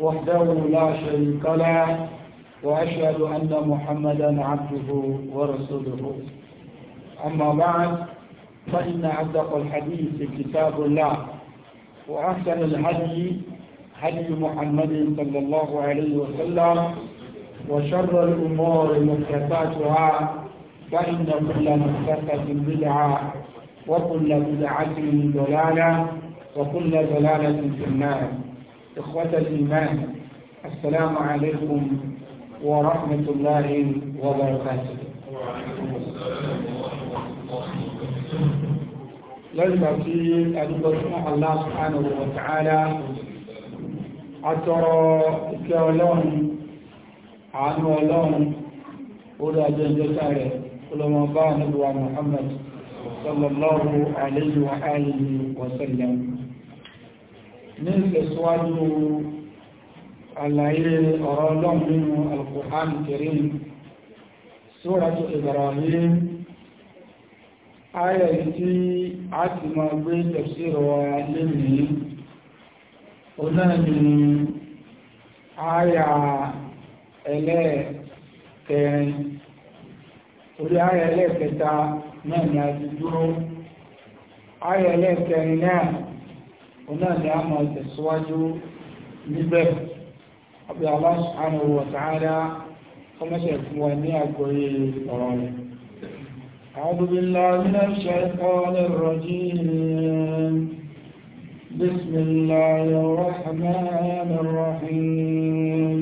وحده لا شريك له وأشهد أن محمدا عبده ورسوله أما بعد فإن أصدق الحديث كتاب الله وأحسن الهدي هدي محمد صلى الله عليه وسلم وشر الأمور محدثاتها فإن كل محدثة بدعة وكل بدعة ضلالة وكل ضلالة في النار إخوة الإيمان السلام عليكم ورحمة الله وبركاته لازم في أدوة الله سبحانه وتعالى أترى كلام عن ولام ولا جنجسارة ولما بانه محمد صلى الله عليه وآله وسلم ní ìtẹ̀síwájú àlàyé ọ̀rọ̀ ọlọ́run nínú Al-Qur'an Karim Suratu Ibrahim ayẹ̀ tí a ti máa gbé tafsir wa lónìí ó náà ni ayà ẹlẹ́ẹ̀kẹrin orí ayà ẹlẹ́ẹ̀kẹta náà ni a ti dúró ayà ẹlẹ́ẹ̀kẹrin náà onáàlẹ́ a máa tẹ̀síwájú níbẹ̀ ọbẹ̀ Allah subhanahu wa ta'ala kọmọ́sẹ̀ fún wa ní àgbọ́yé ọ̀rọ̀ rẹ̀ أعوذ بالله من الشيطان الرجيم بسم الله الرحمن الرحيم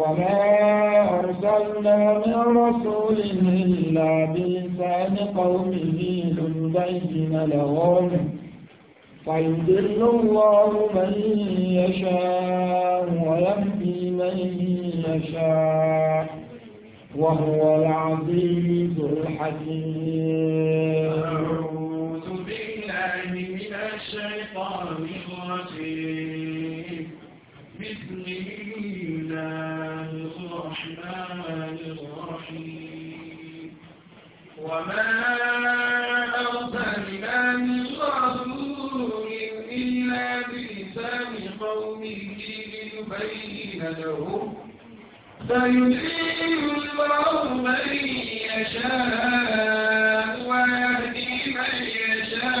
وما أرسلنا من رسول إلا بلسان قومه لنبين لهم فيضل الله من يشاء ويهدي من يشاء وهو العزيز الحكيم أعوذ بالله من الشيطان الرجيم بسم الله الرحمن الرحيم وما تدعو فيدعي الله من يشاء ويهدي من يشاء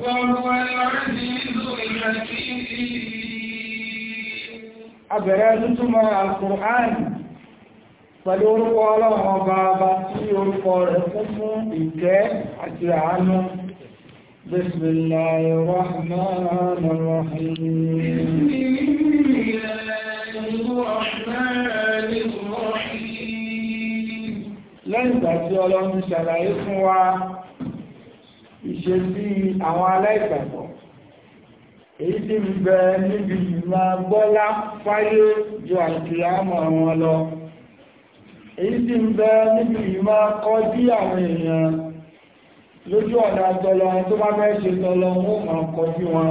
وهو العزيز الحكيم أبرزتما القرآن pẹ̀lú orúkọ ọlọ́run ọba ọba tí orúkọ rẹ̀ kún fún ìkẹ́ بسم الله الرحمن الرحيم lẹ́yìn ìgbà tí ọlọ́run ṣàlàyé fún wa ìṣesí àwọn aláìgbàgbọ́ èyí tí ń bẹ níbi ìmọ̀ gbọ́lá fáyé ju àkìyàmọ̀ wọn lọ èyí tí ń bẹ níbi ìmọ̀ kọjú àwọn èèyàn lójú ọ̀nà àtọ́lọ tó bá fẹ́ ṣe tọ́lọ wọn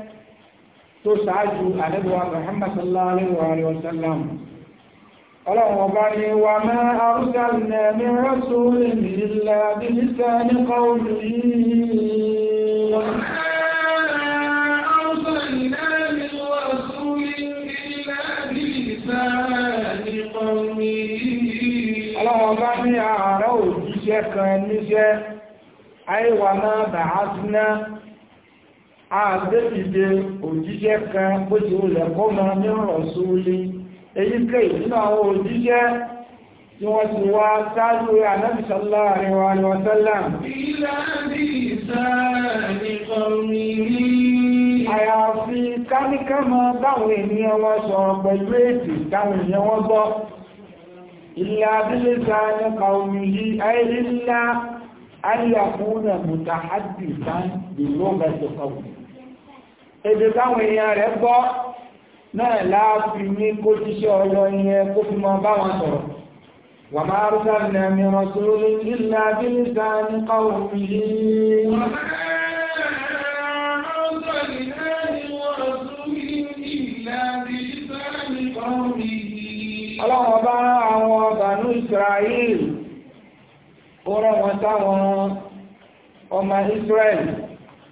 tó ṣáájú àdẹ́bùwà Muhammad sallallahu alaihi wa sallam ọlọ́run ọba ni wà máa arúgbàlẹ̀ ní rọ́sùlẹ̀ nílá bí níta nípa olù yìí ọlọ́run ọba ní ààrẹ òjíṣẹ́ kan níṣẹ́ àìwà náà bàá síná àgbébìdé òjíṣẹ́ kan bó ti wulẹ̀ kó mọ mìíràn súnlé èyíkéyìí nínú àwọn òjíṣẹ́ tí wọ́n ti wá sáájú Ànábì sallallahu alaihi wa sallam àyàfi káníkámọ báwọn ènìyàn wọn sọ̀rọ̀ pẹ̀lú èdè táwọn ènìyàn wọn gbọ́ ilẹ̀ abílẹ̀ta nípa omi yìí ayélujára ayé àkúnnà mùtàhádìí sáà dìlọ́gbà ìjọba òní ebe táwọn èèyàn rẹ̀ gbọ́ náà láàfin ní kó jíṣẹ́ ọlọ ìyẹn kó fi mọ báwọn sọ̀rọ̀ wà máa rúdà nàmì rọ̀sùlù ìlà abínisa ní káwọn òfìlì ọmọ Israel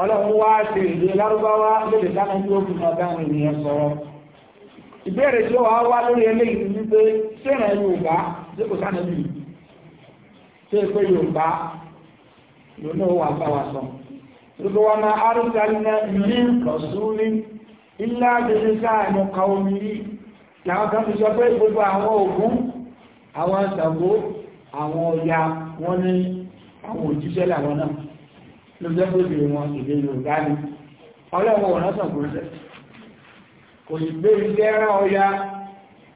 ọlọ́run wá ṣe èdè lárúbáwá lédè dáná tí ó fi máa dáná ènìyàn sọ̀rọ̀ tí ó wá wá lórí eléyìí ní pé ṣẹ́nà yorùbá tí kò sáà tí ó pé wà sọ gbogbo wa ilá ka rí làwọn kan fi sọ pé gbogbo àwọn ògún àwọn àwọn wọn ní àwọn òjíṣẹ́ làwọn ló jẹ́ pé bí wọn èdè Yorùbá ni ọlọ́run kò kò sì gbé ilé ẹran ọya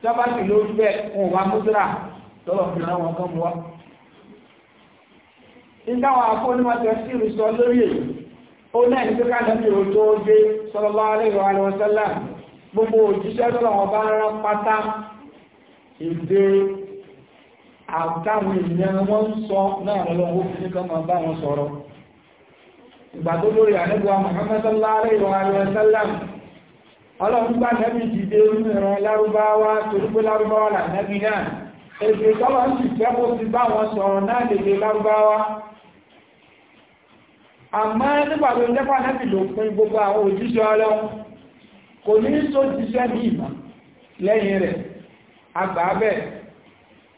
sábàtì ló fẹ́ wọn wá múdúrà lọ́wọ́ fi rán wọn kán wá nígbà wọn sí lórí èyí ó náà ní pípa o tó gbogbo òjíṣẹ́ bá rán pátá àtàwọn sọ náà lọ́wọ́ ní máa ìgbà tó lórí àníbùwà Muhammad sallallahu alaihi wa sallam ọlọ́run gbà nẹ́bí dìde ìran lárúbáwá torípé lárúbáwá là nẹ́bí náà èdè tọ́lọ́ sì fẹ́ kó ti bá wọn sọ̀rọ̀ náà lèdè lárúbáwá àmọ́ nígbà tó jẹ́pà nẹ́bí ló pin gbogbo àwọn òjíṣẹ́ ọlọ́run kò ní só ti ṣẹ́ ní ìmọ̀ lẹ́yìn rẹ̀ àgbàbẹ̀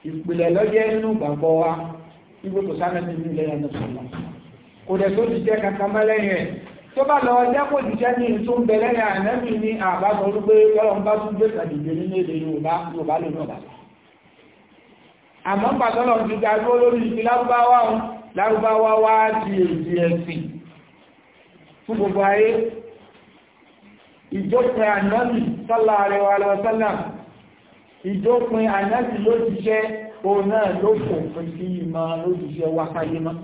ìpìlẹ̀ lọ́jẹ́ nínú gbàgbọ́ wa nígbò tó sánẹ́bí ní ilẹ̀ yẹn lọ́sọ̀lọ́ kò dẹ̀ tó jíjẹ́ kankan mọ́ lẹ́yìn ẹ̀ tó bá lọ ọjọ́ kò jíjẹ́ ní tó ń bẹ lẹ́yìn ànábì ní àbábọ̀ wípé ọlọ́run bá tún gbé sàdìgbè nínú èdè yorùbá ló náà bàbá àmọ́ pàtọ́lọ̀ ti ga dúró lórí ibi lárúbáwá wá di èdè ẹ̀sìn fún gbogbo ayé ìjókòó ànábì sọ́lá rẹ̀ wà lọ sọ́lá ìjókòó ànábì ló jíṣẹ́ òun náà ló fòfin sí ìmọ̀ ló jíṣẹ́ wákàyé náà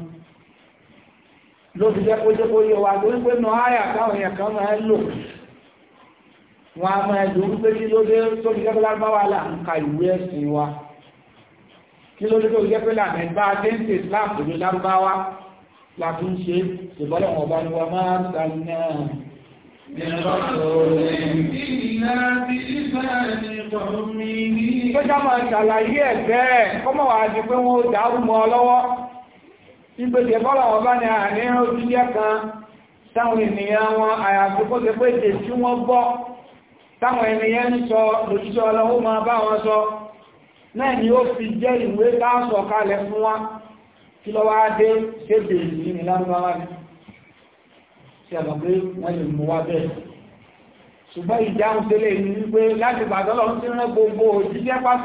ló ti jẹ́ kójó kó yẹ wa torí pé nù áyà táwọn èèyàn kan máa ń lò wọn a máa lò wípé kí ló dé tó fi jẹ́ pé lárúbáwá là ń ka ìwé ẹ̀sìn wa kí ló dé tó fi jẹ́ pé lànà ìgbà déńtì Islam kò ní lárúbáwá la fi ń ṣe ìbọ́lọ̀ wọn bá ní wọn máa ń ta iná. Tó já máa ṣàlàyé ẹ̀ bẹ́ẹ̀ kọ́mọ̀ wá di pé wọ́n dàrú mọ́ ọ lọ́wọ́ ìgbèsè bọ́lá ọba ni àníyàn ojúlé kan táwọn ènìyàn wọn àyàfikó ti pé èdè tí wọ́n gbọ́ táwọn ènìyàn sọ lòjíṣẹ́ ọlọ́wọ́ máa bá wọn sọ náà ni ó fi jẹ́ ìwé láàṣọ kalẹ̀ fún wa kí lọ wá dé sébè ní lárúbáwá ní wá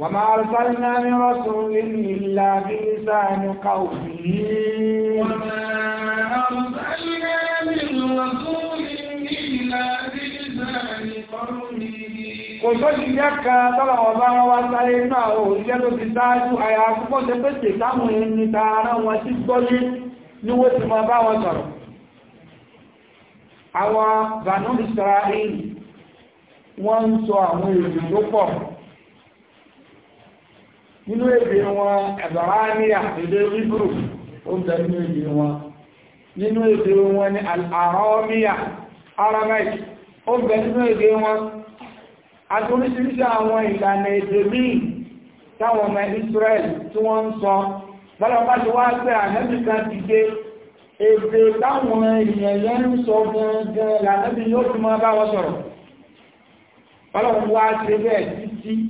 وَمَا أرسلنا من رَسُولٍ إِلَّا بلسان قومه وما أرسلنا من رسول إلا بلسان قومه kò tó ti jẹ́ kan tọ́lọ̀ ọba wa sáré náà ò jẹ́ tó ti dájú àyà púpọ̀ tẹ́ pèsè táwọn ẹni tààrà wọn tí gbọ́lé ní ti máa bá wọn sọ̀rọ̀ àwọn Banu Israel wọ́n ń sọ àwọn èrò tó pọ̀ nínú èdè wọn ẹ̀bàránìyà èdè rígbùrù ó ń èdè wọn nínú èdè wọn ni àrọ́míyà arabic ó ń èdè wọn àtúrísírísí àwọn ìlànà èdè míì táwọn ọmọ Israel tí wọ́n ń sọ bọ́lọ́pàá ti wá pé ti èdè táwọn èèyàn yẹn ń sọ yóò fi bá sọ̀rọ̀ bẹ́ẹ̀ títí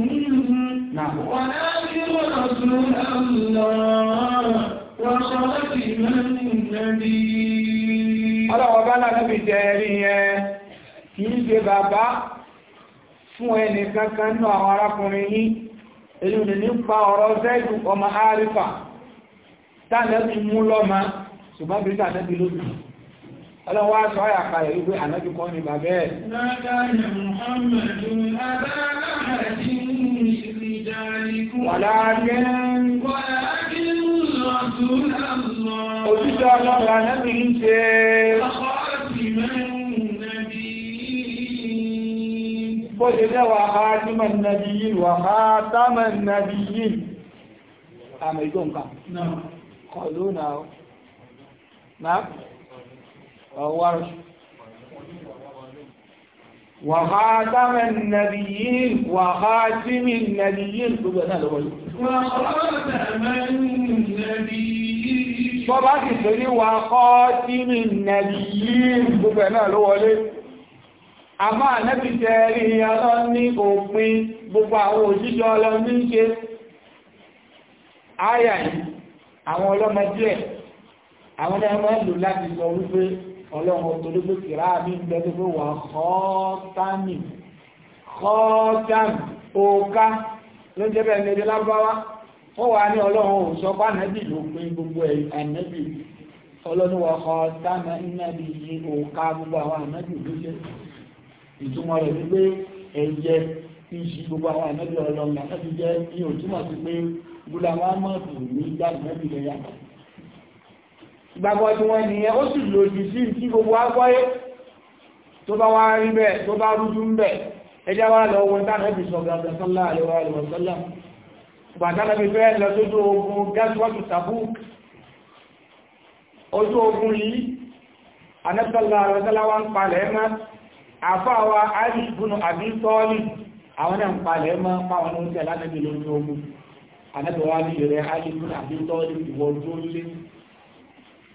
نعم ولكن رسول الله وخاتم النبي ọlọ́wọ́ kì í ṣe bàbá fún ẹni kankan ní àwọn arákùnrin yìí èyí ni ọ̀rọ̀ ọmọ mú lọ́mà ṣùgbọ́n bí ọlọ́wọ́ aṣọ àyàkà wípé bàbẹ́ ẹ̀ Òjíṣẹ́ ọlọ́rọ̀ anẹ́bì ń ṣe bó ṣe jẹ́ wà ha tí mọ̀ nàbí yìí wà ha támọ̀ nàbí yìí. Àmì ìjọ nǹkan. Kọ̀lú náà. Náà? Ọwọ́ arṣù. وخاتم النبيين وخاتم النبيين gbogbo ẹ̀nà lọ́wọ́ yìí bọ́bá sì torí wà kọ́tímì nàbíyìn gbogbo ẹ̀nà lọ́wọ́ lé a máa nẹ́bí tẹ́rí ọlọ́ ní òpin gbogbo àwọn òjíṣẹ́ ọlọ́ ní ṣe áyà yìí àwọn ọlọ́mọdé àwọn ẹmọ́ lò láti sọ wípé ọlọ́run torí pé kìrá mi ń bẹ́ẹ̀ pé wà kọ́ọ̀tánì kọ́ọ̀tánì òka ló ń jẹ́ bẹ́ẹ̀ lédè lábáwá ó wà ní ọlọ́run ò sọ pé ànábì ló pín gbogbo ẹ̀ ànábì ọlọ́run wà kọ́ọ̀tánì ìnábì yìí òka gbogbo àwọn ànábì ló jẹ́ ìgbàgbọ́ tí wọ́n nìyẹn ó sì lòdì sí tí gbogbo agbọ́yé tó bá wá rí bẹ́ẹ̀ tó bá rújú ń bẹ̀ ẹjá wá lọ wọn tánà bí sọ gbàgbà sọ́lá àlewà àlewà sọ́lá gbàtánà bí fẹ́ lọ sójú ogun gásíwọ́tù tàbú ojú ogun yìí anẹ́sọ́lá àlewà wá ń palẹ̀ mọ́ àfáwa àrí ìbùnú àbí tọ́ọ̀lì àwọn náà ń palẹ̀ mọ́ fáwọn oúnjẹ lánàbí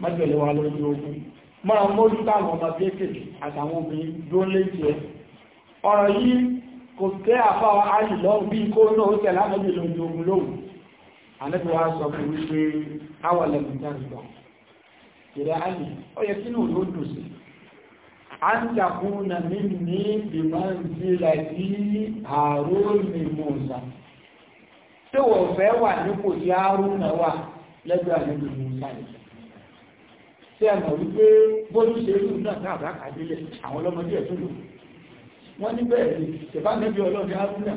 mọ́tẹ̀lẹ́ wa lórí ogun máa mójú táwọn ọmọ kéèkèé àtàwọn obìnrin ló lé jẹ́ ọ̀rọ̀ yìí kò tẹ́ àfáwà áyì lọ bí kó náà ó tẹ̀lá mọ́bí lórí ogun lóhùn àlẹ́bí wa sọ fún wípé áwọ̀lẹ̀ mìtàrígbọ̀ ìrẹ́ áyì ó yẹ kínú ló dùn sí a ń takúnà mí ní bìmọ̀nsílẹ̀ sí àrónì mọ̀ọ̀sà tí wọ́n fẹ́ wà nípò tí àrónà wà lẹ́gbẹ̀ẹ́ àlẹ́bí mọ̀ọ̀sà yìí tí a mọ̀ wípé bójú ṣe rú náà náà bá kàdílẹ̀ àwọn ọlọ́mọdé ẹ̀ tó lò wọ́n ní bẹ́ẹ̀ ni ṣẹ̀bá nẹ́bí ọlọ́run arúnà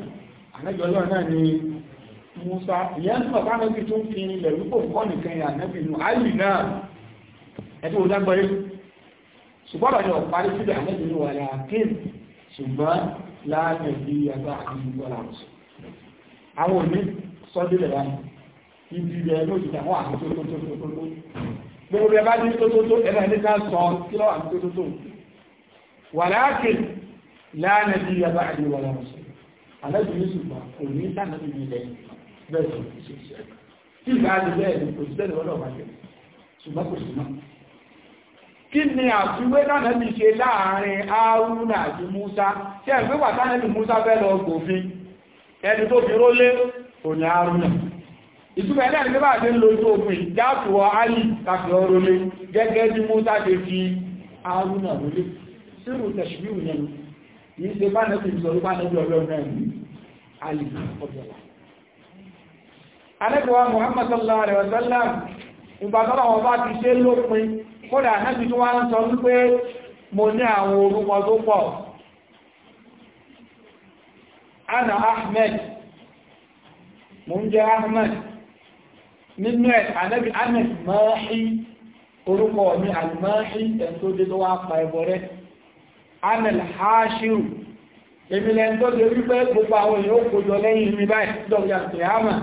ànẹ́bí ọlọ́run náà ni Musa ìyẹn tó bàbá nẹ́bí tó ń fi ilẹ̀ wípò kọ́ nìkan yà nẹ́bí nu àlì náà ẹ̀tọ́ odágbọ́yé ṣùgbọ́n ọ̀dọ̀ parí síbẹ̀ ànẹ́bí nu wà láàkín ṣùgbọ́n láàrín bí agbá àwọn òní sọ́dílẹ̀ wá ibi ilẹ̀ lójúdà wọn àti tó tó tó tó tó gbogbo ẹ bá ní tótótó ẹ̀nà ní ká sọ kí lọ́wọ́ àti tótótó wà láàkì láàrín ẹbí yàbá àdé wà láwọn sọ aláàbí ní ṣùgbọ́n kò ní sáà ní ilẹ̀ bẹ́ẹ̀ sọ sí ṣe tí ìgbà àti bẹ́ẹ̀ ni kò sílẹ̀ lọ́dọ̀ wà jẹ ṣùgbọ́n kò sí náà kí ni àfiwé náà bí ṣe láàrin Haruna àti Musa tí ẹ̀gbẹ́ wà sáà ní Musa fẹ́ lọ gbòfin ẹni tó fi rólé òní Haruna ìtumọ̀ ẹ̀dá ní bá ṣe ń lo ojú ogun ìjáàtùwọ̀ alì kàfẹ́ ọrọ̀lé gẹ́gẹ́ bí Mùsá ṣe fi arúnà rọ̀lé sírù tẹ̀ṣùgbìrù yẹn yìí ṣe bá nẹ́bí ìṣọ̀rọ̀ bá nẹ́bí ọ̀rọ̀ náà alì ọ̀bọ̀lá ana Ahmed mo ń jẹ́ Ahmed nínú ẹ̀ anẹ́bí anet mọ́ọ́hí orúkọ ní alimọ́ọ́hí ẹ̀ntọ́dé tó wá pa ẹbọ rẹ̀ anel haṣíru èmi lẹ́yìn tó ṣe wípé gbogbo àwọn èèyàn ó kojọ lẹ́yìn mi báyìí dọ̀gbà tìyàmà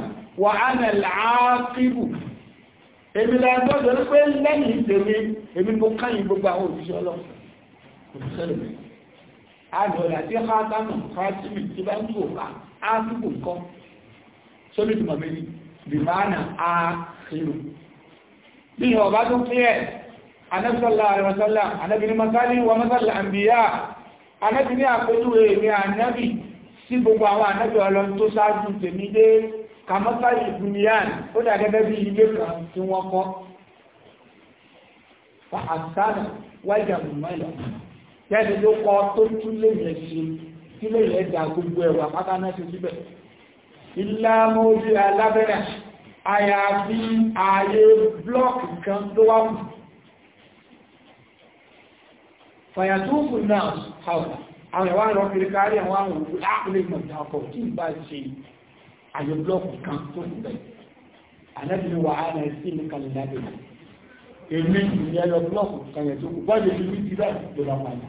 wà anel áàkìbù èmi lẹ́yìn tó ṣe wípé lẹ́yìn ìdèmí èmi mo káyìn gbogbo àwọn bìmánà ààkìrù bí i ọba tó kílẹ̀ anẹ́bìsọ́lá àrẹ̀mọ́sọ́lá anẹ́bìní masálí wa masálà àmbíyà anẹ́bìní àpẹjúwé ní anẹ́bì sí gbogbo àwọn anẹ́bì ọlọ́n tó sáájú tèmi dé kàmọ́sálì bùnìyàn ó dàgẹ́gẹ́ bí ilé kan tí wọ́n kọ́ fa àtàrà wájà mọ́lá yẹ́ni ló kọ́ tó tún lè yẹ sí sílé dà gbogbo ẹ̀wà pátánà sí síbẹ̀ ìlàmọ́ ojú alábẹ́rẹ̀ àyàfi ààyè blọ́ọ̀kì kan tó wá mú fàyàtúùkù náà hàwà àwọn ìwà ìrọ̀ kiri kárí àwọn àwọn òkú ah, láàrín ìmọ̀ ìdákọ̀ tí ń bá ṣe àyè blọ́ọ̀kù kan tó ń bẹ̀ alẹ́bìnrin wà á rẹ̀ sí ní kàlẹ̀dábì èmi ìyẹ́ lọ blọ́ọ̀kù kàyẹ̀túùkù ti rí ti bẹ́ẹ̀ lọ́la pàdà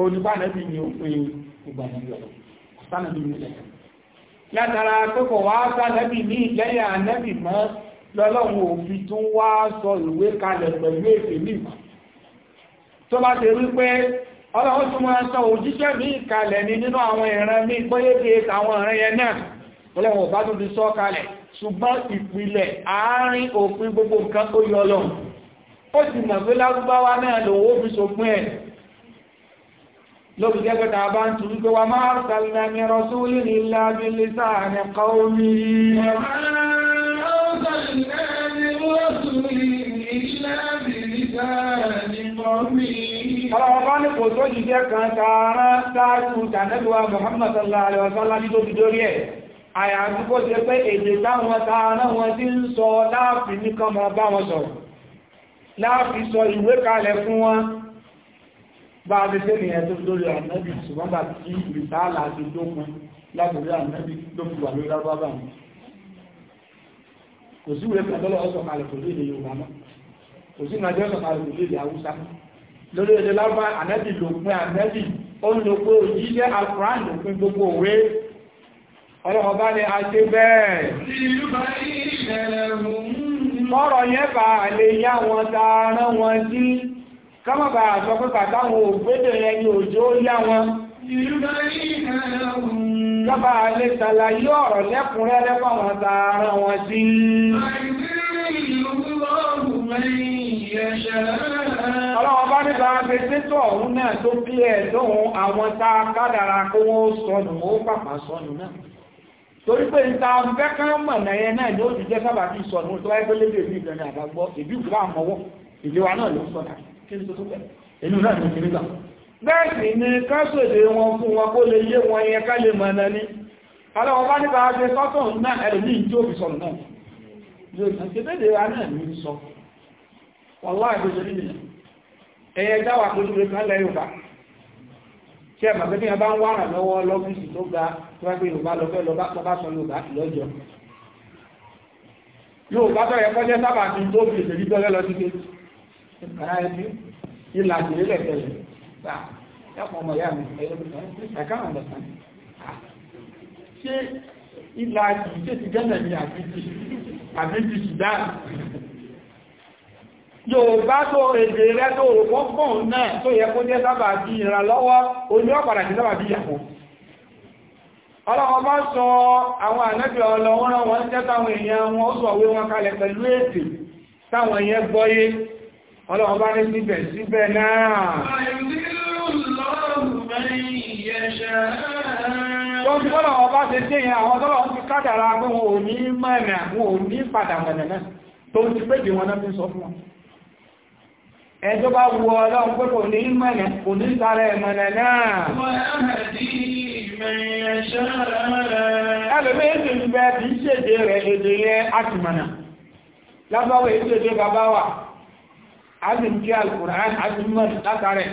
oníbànẹ́bí ni ó pé ìgbàlẹ́bí ọ̀rọ̀ sánàbí ní ilẹ̀ látara pẹ́kọ̀ wá lọ́lọ́run òfin tún wá sọ ìwé kalẹ̀ pẹ̀lú èfè ní ìmọ̀ tó bá ṣe rí ọlọ́run tún máa sọ òjíṣẹ́ mi kalẹ̀ ní nínú àwọn ìran mi pẹ́yẹ́ àwọn ìran náà ọlọ́run ò tún ti sọ kalẹ̀ ṣùgbọ́n ìpìlẹ̀ àárín òfin gbogbo lóbi jẹ́gbẹ́ ta bá ń tún wípé wa máa sàlẹ̀ ní rọ̀súlì ní lábí lísà ní kọ́ọ̀mí Ọlọ́wọ́ ní kò tó jíjẹ́ kan tààrá sáájú tànẹ́lúwà Muhammad sallallahu alaihi wasallam ní tó ti dórí ẹ̀. Àyà àti kó ṣe pé èdè táwọn tààrá wọn tí ń sọ láàfin ní kan bá wọn sọ̀rọ̀. Láàfin sọ ìwé kalẹ̀ fún wọn bá a lẹ́sẹ̀ ní ẹjọ́ lórí ànábì ṣùgbọ́n bá tí ìrìsáàlà àti dókun látòrí ànábì ló fi wà lórí lábábà mi kò sí ìwé pẹ̀lọ́lọ́ ọ̀sọ̀ kalẹ̀ kò lè lè yorùbá mọ́ kò sí bá a ṣe bẹ́ẹ̀ mọ́rọ̀ yẹn lè yá wọn ta wọn dín kámọ̀bà àjọ pípa táwọn ògbédè yẹn ni òjò yá wọn Jọba alẹ́ ṣàlàyé ọ̀rọ̀ lẹ́kùnrẹ́rẹ́ fáwọn tààrà wọn sí. Ọlọ́wọ́ bá nígbà ṣe tẹ́tọ̀ ọ̀hún náà tó bí ẹ̀ lóhun àwọn tá kádàrà kó wọ́n sọnù ó pàpà sọnù náà. Torí pé níta fẹ́kán mọ̀ náà náà ni ti jẹ́ sábà bí sọnù tó wáyé pé lédè ìlú ìbẹ̀rẹ̀ ìbí ìbúrà mọ́wọ́ ìléwà náà ló sọ̀rọ̀ kí ni tó tó bẹ̀ inú náà ní kìrìgbà bẹ́ẹ̀ sì ni kásòdé wọn fún wọn kó lè yé wọn yẹn ká lè mọ̀ náà ní aláwọ̀ bá nípa ṣe sọ́tọ̀ náà ẹ̀rùmí tí ó fi sọ̀rọ̀ náà yóò sàn ṣe dédé wa náà ní sọ wọ́lá ìgbésẹ̀ nínú ẹ̀yẹ dáwà pẹ̀lú rẹ̀ kan lẹ́yìn ọba tí ẹ̀ màgbé bí wọn bá ń wà ràn lọ́wọ́ lọ́fíìsì tó ga tó wá pé yorùbá lọ fẹ́ lọ bá sọ yorùbá lọ́jọ́ yóò bá tọ́ yẹ kọ́jẹ́ sábà ti tó fi ìṣèlú bẹ́rẹ̀ lọ sí kejì ìbáraẹni ìlà ìlú lẹ́tẹ̀lẹ̀ gbà ẹ̀pọ̀ ọmọ ìyá mi ẹ̀kọ́ ọ̀dọ̀sán ṣé ìlà ìlú ṣe ti gẹ́lẹ̀ ní àbíjì Sudan Yorùbá tó èdè rẹ̀ tó rọ̀pọ̀pọ̀n náà tó yẹ kó jẹ́ sábà bí ìrànlọ́wọ́ oní ọ̀pàdà sí sábà bí ìyàpò ọlọ́wọ́ bá sọ àwọn ànábì ọlọ́wọ́n wọn jẹ́ táwọn èèyàn wọn ó sọ̀wé wọn kalẹ̀ pẹ̀lú èdè táwọn èèyàn gbọ́yé ọlọ́run bá ní síbẹ̀ síbẹ̀ náà wọ́n tí ọlọ́run ọba ṣe tí èyàn àwọn ọlọ́run ti kádàrá pé wọn ò ní mẹ́rin àwọn ò ní padà mọ̀nà náà tó ti péjì wọn náà fi sọ fún wọn ẹjọ́ bá wù ọlọ́run pé kò ní mẹ́rin kò ní sára ẹ̀mọ̀nà náà ẹlòmíyàn ti bẹ́ẹ̀ kì í ṣèdè rẹ̀ èdè yẹn á ti mọ̀nà azim kí alkùnrin azim mọ́ látàrẹ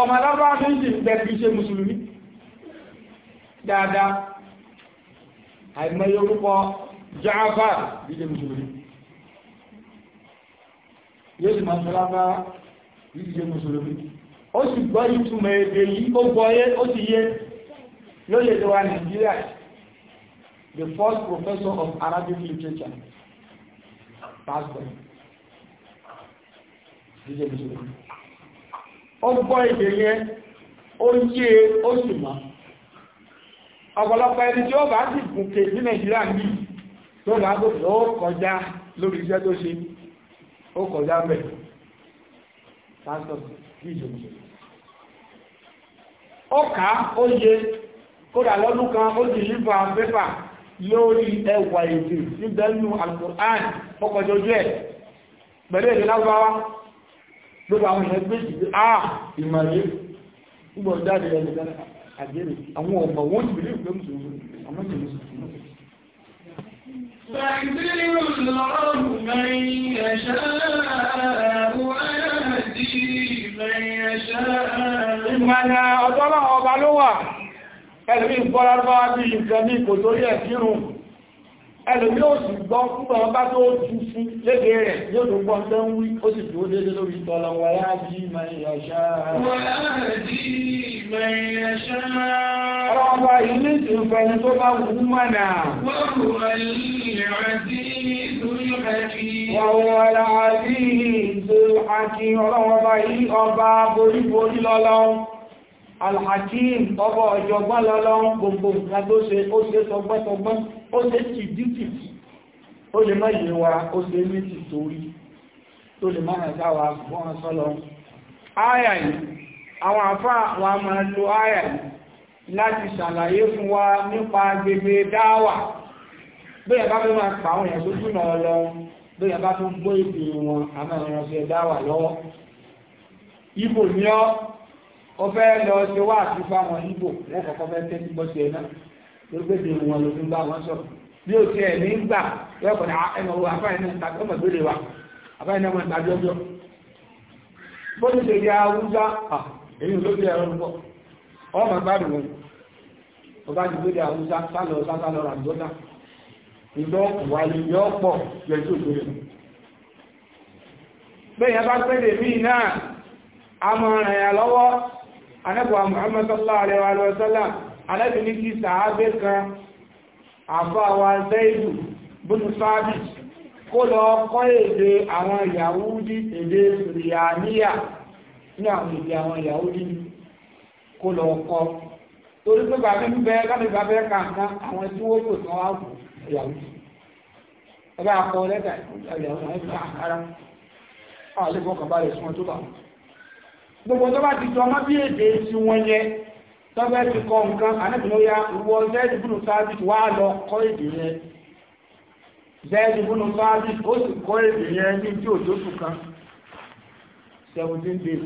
ọmọ alábáwá tó ń sì ń bẹ kí ṣe mùsùlùmí dáadáa àìmọye orúkọ jáfà bí ṣe mùsùlùmí yóò sì máa sọlábá bí ṣe mùsùlùmí ó sì gbọ́ ìtumọ̀ èdè yìí ó gbọ́ ó sì yé lóye tó wà Nàìjíríà the first professor of Arabic literature passed away jíjẹ́ mùsùlùmí ó gbọ́ èdè yẹn ó yé ó sì mọ́ ọ̀pọ̀lọpọ̀ ẹni tí ó bá sì gùnkè ní nàìjíríà ní tó lágbòkè ó kọjá lórí iṣẹ́ tó ṣe ó kọjá bẹ̀ ó ká ó yé kódà lọ́dún kan ó sì yípa pépà lórí ẹwà èdè níbẹ̀ nínú Al-Qur'an ó kọjá ẹ̀ pẹ̀lú èdè gbogbo àwọn èèyàn gbé jù pé ah ìmọ̀lẹ́ gbogbo jáde ẹni dára àgbèrè àwọn ọmọ wọn ti bèèrè pé mùsùlùmí àmọ́ ìjọ mùsùlùmí. Ìmọ̀nà ọ̀dọ́lọ́wọ́ ọba ló wà, ẹ̀lú ìfọ́lárúbá bí ìjọ kò tó yẹ̀ sírùn ẹlòmí ò sì gbọ́ nígbà wọn bá tó tu fún léde rẹ̀ yóò tó gbọ́ tó ń wí ó sì dúró déédéé lórí ìtọ́lọ wọn láàájí máa ń yàṣá. wọn láàájí máa ń yàṣá. ọlọ́wọ́ ilé ìfẹ́ni tó bá wù ú mọ̀nà. wọ́n kò wá ilé àti ìtòyí àti. alhakim ọba ọ̀jọ̀gbọ́n lọ́lọ́ gbogbo nǹkan ó ṣe tọgbọ́tọgbọ́n ó ṣe ti dìtìtì ó lè má yé wa ó ṣe ní ti torí tó lè má hàn sáwà gbọ́n sọ́lọ́ áyà yìí àwọn àfá wa máa lo áyà yìí láti ṣàlàyé fún wa nípa gbogbo dáwà bóyá bá fẹ́ máa pa àwọn èèyàn tó túnà ọlọ́run bóyá bá tún gbọ́ èdè wọn àmọ́ ìrànṣẹ́ dáwà lọ́wọ́ ibo ni ọ́ ọ fẹ́ lọ ṣe wá àti fáwọn ibo wọ́n kọ̀kọ́ fẹ́ tẹ́tí gbọ́ sí ẹ náà lógbèdè wọn ló fi ń bá wọn sọ̀rọ̀ bí o ti ẹ̀mí ń gbà lọ́pọ̀ ní ah, ẹnu owó afáyín náà tàbí ọmọ ìbéèrè wa afáyín náà máa tàbí ọjọ́ bó ti ṣe di awúgbá èyí ló fi ẹ̀rọ lùpọ̀ ọmọ gbádùn wọn ọba ti gbé di awúgbá sálọ sálọ ràǹdọ́dà ìlọ wàlú yọ pọ̀ yẹjú òṣèré bẹ́yẹn bá pẹ́lẹ̀ mí náà a mọ̀ ràn lọ́wọ́ anẹ́bùwà Muhammad sallallahu alaihi wa sallam anábì ní kí sàábé kan àbáwa zaidu bínú sáàbì kó lọ kọ́ èdè àwọn yahudi èdè sùrìyàníyà ní àwọn èdè àwọn yahudi kó lọ kọ́ torí pé bàbá ń bẹ lábẹ́ bàbá ẹ̀ kàǹkà àwọn tí wọ́n kò tán wá kù yahudi ẹ bá kọ lẹ́tà yahudi àwọn ìgbà ara àwọn ilé ìfọkànbalẹ̀ sùn tó bá gbogbo tó bá ti tọ́ ọmọ bí èdè tí wọ́n yẹ tọ́bẹ̀ ti kọ nǹkan anábìnóyá wọ zẹ́ẹ̀dì búnú sáájú wá lọ kọ́ èdè yẹn zẹ́ẹ̀dì búnú sáájú ó sì kọ́ èdè yẹn ní tí òjò tù kan 17 days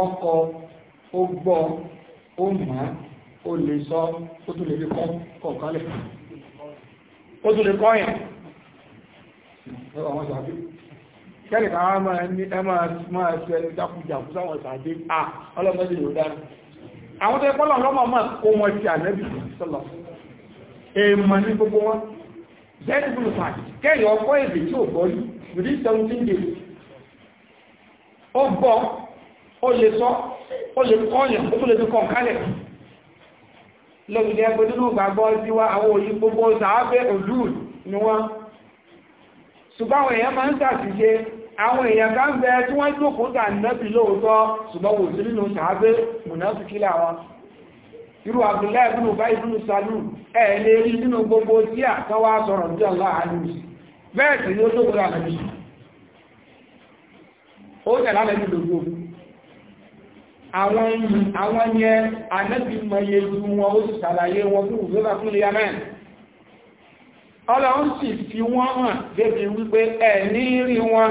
ọkọ̀ ó gbọ́ ó mọ̀ ó lè sọ ó tún lè fi kọ́ kọ̀ọ̀kálẹ̀ ó tún lè kọ́ yẹn ọmọ sàbí kẹ́rìkà máa ṣe ẹni jákújàkú sáwọn sàbí à ọlọ́mọdé yóò dára àwọn tó ẹ̀kọ́ lọ́mọ mọ́ kó wọn ti ànẹ́bì sọ́lọ̀ èèmọ̀ ní gbogbo wọn bẹ́ẹ̀ni bùrù pàtì kẹ́yìn ọkọ́ èdè tí ò gbọ́rí rí seventeen days ó gbọ́ ó lè sọ ó lè kọ́yàn ó tó lè fi kàn kálẹ̀ lọ́gbìnrin ẹgbẹ́ nínú gbàgbọ́ sí wa àwọn òyí gbogbo sàábẹ́ òdúùn ni wọ́n ṣùgbọ́n àwọn èèyàn àwọn èèyàn kan bẹ tí wọ́n tó kún tàn nẹ́bì lóòótọ́ ṣùgbọ́n sí nínú sàábé mùnáfikí làwọn irú Abdullahi ibn Ubay ibn Salul ẹ̀ lè rí nínú gbogbo tí à sọ̀rọ̀ ọlọ́run sì fi wọ́n hàn débi wípé ẹ̀ ní rí wọn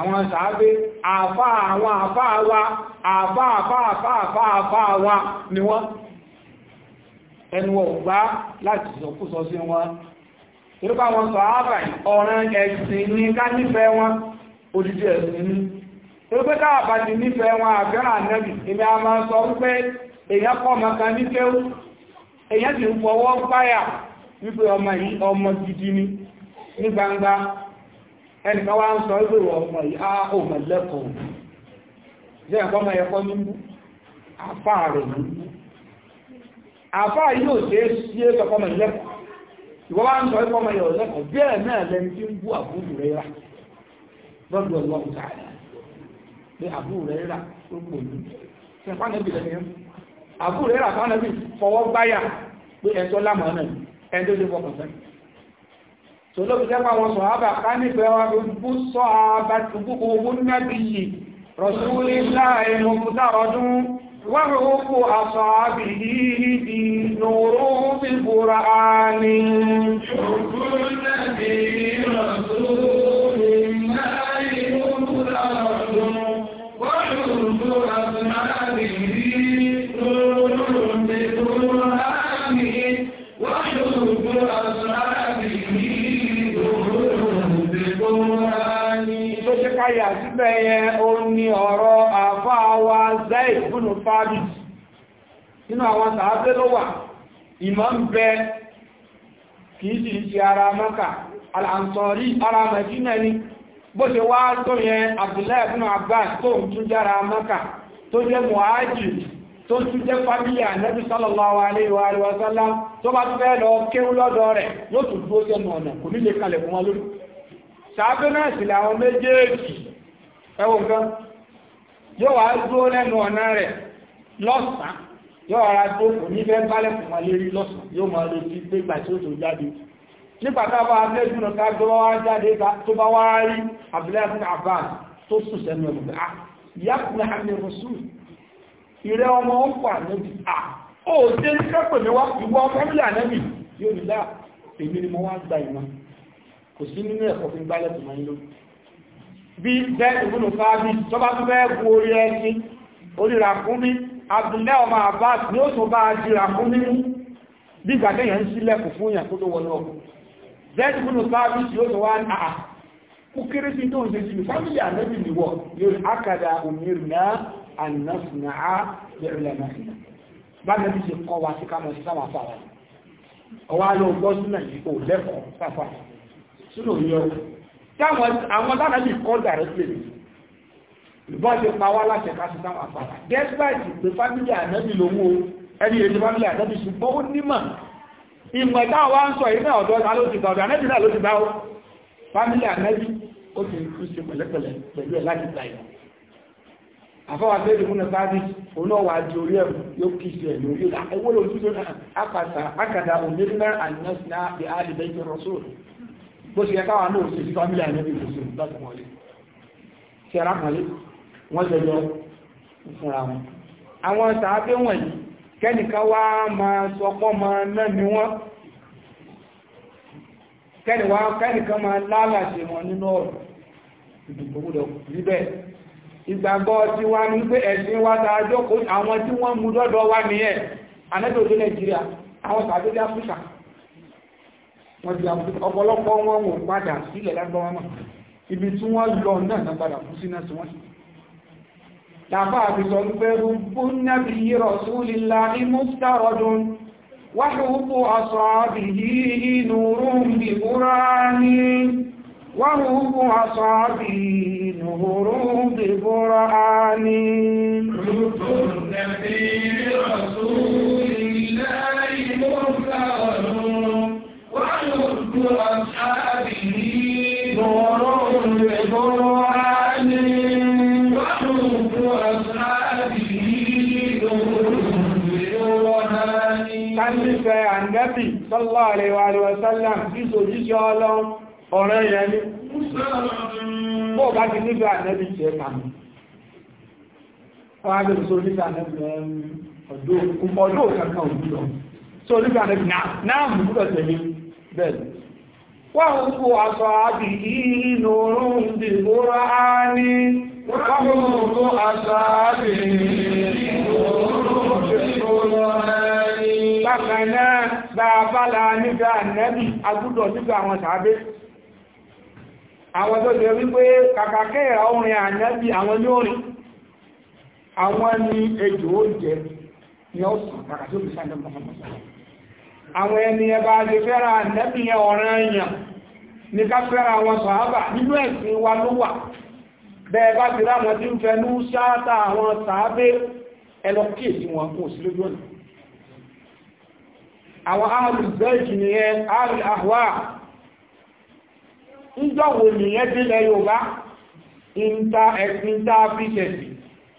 àwọn sàábé àfá àwọn àfá wa àfá àfá àfá àfá àfá wa ni wọ́n ẹnu ọ̀gbá láti sọkúsọ sí wọn torípa wọn sọ ààbà ọ̀ràn ẹ̀sìn ní ká nífẹ̀ẹ́ wọn odidi ẹ̀sìn ní torípé káàbà ti nífẹ̀ẹ́ wọn àfẹ́ràn nẹ́bì èmi a máa sọ wípé èèyàn kọ́ ọmọ kan ní kéwú èèyàn sì ń fọwọ́ páyà wípé ọmọ yìí ọmọ gidi ni ní gbangba ẹnìkan wá ń sọ wípé wọ ọmọ yìí á ah, ò mọ̀ lẹ́kọ̀ọ́ jẹ́ ẹ̀kọ́ ọmọ ẹ̀kọ́ nínú àfá rẹ̀ nínú àfá yìí ò ṣe é sí é sọ ọmọ ìlẹ́kọ̀ọ́ ìwọ́n wá ń sọ wípé ọmọ yìí ò lẹ́kọ̀ọ́ bí ẹ̀ náà lẹni tí ń bú àbúrò rẹ̀ rà lọ́dọ̀ ọlọ́run káàdà pé àbúrò rẹ̀ rà ó pò ní ṣe fánàbì lẹ́nu àbúrò rẹ̀ rà fánàbì fọwọ́ gbáyà pé ẹ̀tọ́ lámọ̀ náà ẹ̀ tòlóbi jẹ́ pàwọn sọ̀hábà ká nífẹ̀ẹ́ wa gbogbo sọ́hábà gbogbo owó nábì yìí rọ̀súlé láàrin mọ̀kútà ọdún wọ́n fi gbogbo àṣọ àbìlí ìdí nùrù fi ní ṣùgbọ́n nábì sáábìt nínú àwọn sàábẹ́ ló ìmọ̀ ń bẹ sì ṣe ara mọ́kà alàǹsọ̀rí ara mẹ́jínà ni bó ṣe wá tó yẹn Abdullahi Abbas tó ń tún jára mọ́kà tó jẹ́ mọ̀hájì tó tún jẹ́ fámílì ànẹ́bí sallallahu yóò lọ́sàn-án yóò ara gbófò ní fẹ́ bálẹ̀ fún wọn lérí lọ́sàn yóò máa lè fi pé ìgbà tí ó tó jáde nípa tá bá lẹ́gbùn ká gbọ́wọ́ wá jáde tó bá wá rí abúlẹ́fún abbas tó sùn sẹ́nu ẹ̀lùgbẹ́ à yàkùnlẹ̀ àmì rọ̀sù ìrẹ́ ọmọ ah, ń pà níbi à ó dé ní kẹ́pẹ̀ mi wá ìwọ fẹ́mílì ànẹ́bì yóò nílá èmi ni mo wá gba ìmọ̀ kò sí nínú ẹ̀kọ́ fi gbálẹ̀ fún wọn ló bí bẹ́ẹ̀ ìgbónú fáábí tó bá tún bẹ́ẹ̀ gun orí ẹni orí ràkúnmí Abdullahi ọmọ Abbas ni ó tó bá jíra fún nínú bí gbàdéyàn ń sílẹ̀kù fún yàn kó tó wọlé ọkù sáàbìsì yóò tó wá ní àà ah, kú kéré sí tó ń ṣe sí fámílì ànẹ́bì nìwọ̀ yóò ákàdà òmìnirìnà ìbọn ṣe pa wá láṣẹ ká sí táwọn àpàdà despite pé fámílì ànábì lòun o ẹni èdè fámílì ànábì ṣùgbọ́n ó nímọ̀ ìmọ̀ táwọn wá ń sọ ìrìnà ọ̀dọ́ ta ló ti gbà ọ̀dọ̀ ànábì náà ló ti gbà ó fámílì ànábì ó ti ń ṣe pẹ̀lẹ́pẹ̀lẹ́ pẹ̀lú ẹ̀ láti gbà yìí àfọwà bẹ́ẹ̀rẹ̀ múnà sáàbí olóòwà di orí ẹ̀rù yóò kí sí ẹ̀ lórí ìlà ẹwọ́ lójú tó náà akàdà òmìnira àìyànsíná bí a ṣe yẹ káwà wọ́n jọjọ fúnra wọn àwọn sàábé wọ̀nyí kẹ́nìkan wá máa sọpọ́ máa náà ni wọ́n kẹ́nìkan máa lálàṣe wọn nínú ọ̀rọ̀ ìdìbòmúdọ̀ níbẹ̀ ìgbàgbọ́ tí wá ní pé ẹ̀sìn wá tààjọ́ kó àwọn tí wọ́n mú dọ́dọ̀ wá nìyẹn anẹ́dọ̀ tó nàìjíríà àwọn sàábé dé áfíríkà wọ́n ti àpò ọ̀pọ̀lọpọ̀ wọn wò padà sílẹ̀ lágbọ́n wọn ibi tí wọ́n lọ náà padà fún sínú ẹ̀sìn wọn sí làbá àbìsọ̀ ń fẹ́rú fún nábi yírọ̀ súlìlá ní mustardun wáhùkú asọ́bìhì nùrùn bí búrání wáhùkú asọ́bìhì nùrùn bí búrání Rúkú nábi ànẹ́bì sallallahu alaihi wa sallam jíso jíṣẹ́ ọlọ́run ọ̀rẹ́ yẹn bá ti nífẹ̀ẹ́ ànẹ́bì jẹ́ wọ́n á bẹ̀rẹ̀ sórí nífẹ̀ẹ́ ànẹ́bì ọdún kankan òbúdọ̀ sórí nífẹ̀ẹ́ ànẹ́bì náà mú ọjọọ bákan náà bá a la nígbà nẹ́bì agbúdọ̀ nígbà àwọn sàábé àwọn tó jẹ wípé kàkàkẹ́ ìrà orin ànẹ́bì àwọn ní orin àwọn ni ejò ó jẹ ni ó sàn kàkà tó fi sáńdẹ̀ àwọn ẹni ẹba lè fẹ́ràn ànẹ́bì yẹn ọ̀ràn èèyàn ní ká fẹ́ràn àwọn sàábà nínú ẹ̀sìn wa ló wà bẹ́ẹ̀ bá ti ráwọn tí ń fẹnú ṣáátà àwọn sàábé ẹlọ wọn kún òsì lójú ọ̀nà àwọn ahàlù bẹ́ẹ̀kì nìyẹn ahàlù àhùwà ń jọ̀wò nìyẹn délẹ̀ Yorùbá ìta ẹ̀sìn tá a fi ṣẹ̀sì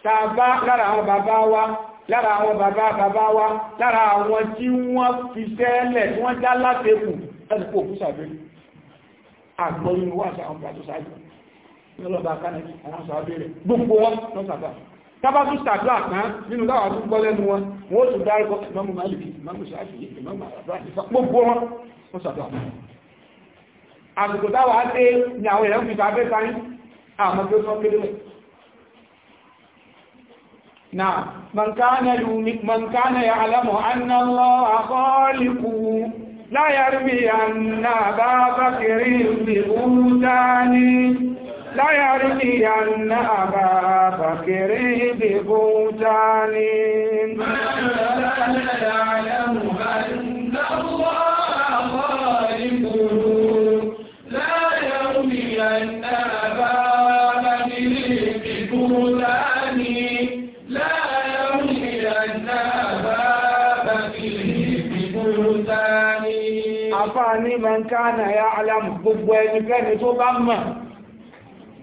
tá a bá lára àwọn bàbá wa lára àwọn bàbá bàbá wa lára àwọn tí wọ́n fi sẹ́lẹ̀ tí wọ́n já látẹ̀kù ẹ̀sìnkú òkú sàbẹ̀lú àgbọ́yìn wà sáwọn bàbá tó sáájú ní ọlọ́bàá kánẹ̀ àwọn sàbẹ̀rẹ̀ gbogbo wọn tábàtú sàdúrà kan nínú láwọn tó gbọ́ lẹ́nu wọn wọ́n ó tún dárúkọ ìmọ̀mù máàlìkì ìmọ̀mù sàáfìyè ìmọ̀mù àràbà gbogbo wọn wọ́n sàdúrà àsìkò táwà á dé ní àwọn èèyàn fi tàbí sáyé àmọ́ tó sọ kéré rẹ̀ na mọ̀nkánà ya alamu annalọ́ àkọ́ọ̀lìkù láyàrí bí i ànà bá bá kiri لا يرمي أن أبا بكر ببهتان من لا يعلم أن الله خالقه لا يرمي أن أبا بكر ببهتان لا يرمي أن أبا بكر ببهتان أفاني من كان يعلم بوين كان أمه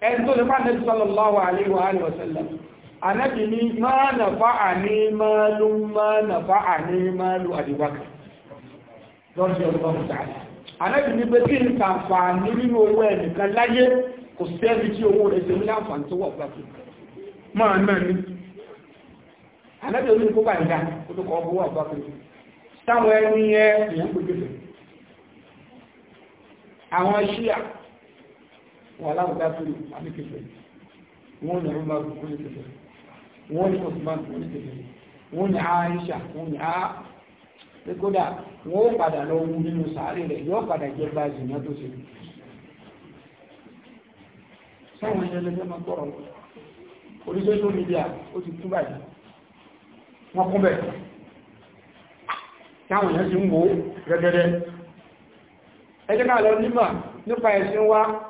ẹni tó lè fà nẹ́bí sallallahu alaihi wa sallam anẹ́bí ní máa nà fáà ní máa lú máa nà fáà ní máa lú àdìwákà lọ́sí ọlọ́pàá mùsàlá anẹ́bí ní pé kí n sàǹfààní nínú owó ẹnìkan láyé kò sí ẹni tí owó rẹ̀ ṣe ní àwọn ṣíà wà láwùjá sórí àníkẹfẹ́ wọ́n ní ọmọ ọdún kẹfẹ́ wọ́n ní Osman wọ́n ní kẹfẹ́ wọ́n ní Aisha wọ́n ní a kódà wọ́n padà lọ wú nínú sàárè rẹ̀ yóò padà jẹ́ bá ìsìnà tó ṣe sáwọn ẹ̀yẹ lẹ́gbẹ́ máa gbọ́rọ̀ oríṣẹ́ tó ní bíà ó ti kú báyìí wọ́n kún bẹ̀ táwọn ẹ̀yẹ ti ń wo gẹ́gẹ́rẹ́ ẹgbẹ́ náà lọ nípa ẹ̀sìn wa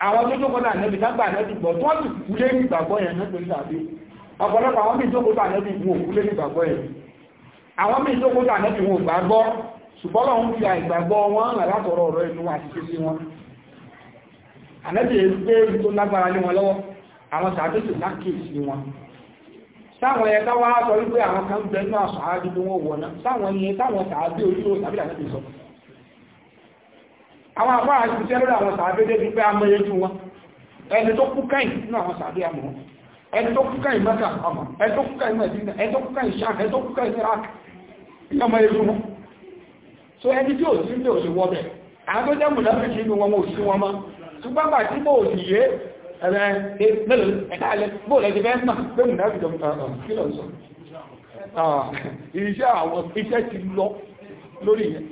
àwọn tó jókòó náà nẹ́bí lágbà nẹ́bí gbọ́ tó wọ́n sì kú lé ní ìgbàgbọ́ yẹn nípa ní tàbí ọ̀pọ̀lọpọ̀ àwọn míì jókòó náà nẹ́bí wọn ò kú lé ní ìgbàgbọ́ yẹn àwọn míì jókòó náà nẹ́bí wọn ò gbàgbọ́ ṣùgbọ́n wọn fi àìgbàgbọ́ wọn hàn látọ̀rọ̀ ọ̀rọ̀ inú àti ṣe sí wọn ànẹ́bí gbé tó lágbára lé wọn lọ́wọ́ àwọn sàdéṣì lákèèsí wọn sáwọn ẹ̀ká wá sọ wípé àwọn kan bẹ̀rẹ̀ náà sàádé ló wọ́n wọ̀ náà sáwọn ẹ̀yẹ táwọn sàádé ojú àwọn àpá àti iṣẹ́ lórí àwọn sàábé débi pé amẹ́yẹ jù wọn ẹni tó kú kẹ́yìn nínú àwọn sàábé àmọ́ ẹni tó kú kẹ́yìn mẹ́ta àmọ́ ẹni tó kú kẹ́yìn mẹ́ta ẹni tó kú kẹ́yìn sáà ẹni tó kú kẹ́yìn iraq amẹ́yẹ jù wọn so ẹni tí ò sí ń bẹ òsì wọ bẹ àwọn tó jẹ́ mùlẹ́fì kí inú wọn mọ̀ sí wọn mọ́ ṣùgbọ́n gbà tí mo ò sì yé ẹ̀rẹ́ mélòó ẹ̀ka alẹ́ bó lẹ́ti fẹ́ mọ̀ pé mùlẹ́fì jọ kí lọ sọ iṣẹ́ àwọn iṣẹ́ ti lọ lórí yẹn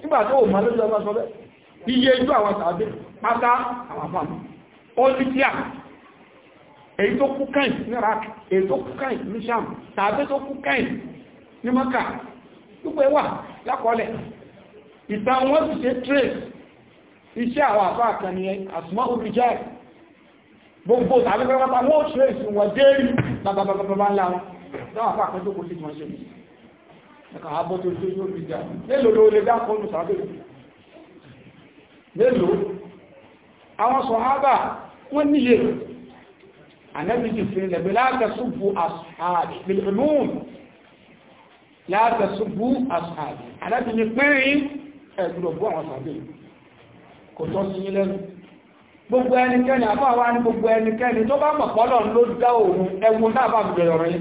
nígbà tó ò mọ́ lórí ọmọ sọ bẹ́ẹ̀ iye ijú àwọn tàbí pátá àwọn àfáàmù olùdíà èyí tó kú kẹ́yìn ní Iraq èyí tó kú kẹ́yìn ní Sham tàbí tó kú kẹ́yìn ní Maka púpẹ̀ wà lákọọ́lẹ̀ ìtàn wọn sì ṣe trace iṣẹ́ àwọn àfáà kan ni àsùnmọ́ olùjẹ́ gbogbo tàbí pẹ́pẹ́pẹ́ wọ́n ó ṣe ìsìnwọ̀n déèrè bàbàbàbà ńlá wọn dáwọn àfáà kan tó kò sí ìwọ̀n ṣe ní ẹ̀kà àbọ̀ tó ṣe yóò rí jà mélòó àwọn sọ̀hábà wọ́n níye ànẹ́bìtì fi ilẹ̀ bí látẹ̀sùbù àṣàbì bìlìmùn látẹ̀sùbù àṣàbì ànẹ́bìtì pínrin ẹ̀gbùrọ̀gbọ́ àwọn sàbí kò tọ́ sí lẹ́nu gbogbo ẹnikẹ́ni àbáwá ní gbogbo ẹnikẹ́ni tó bá mọ̀ pọ́lọ̀ ló dá òun ẹwùn náà bá bẹ̀rẹ̀ ọ̀rẹ́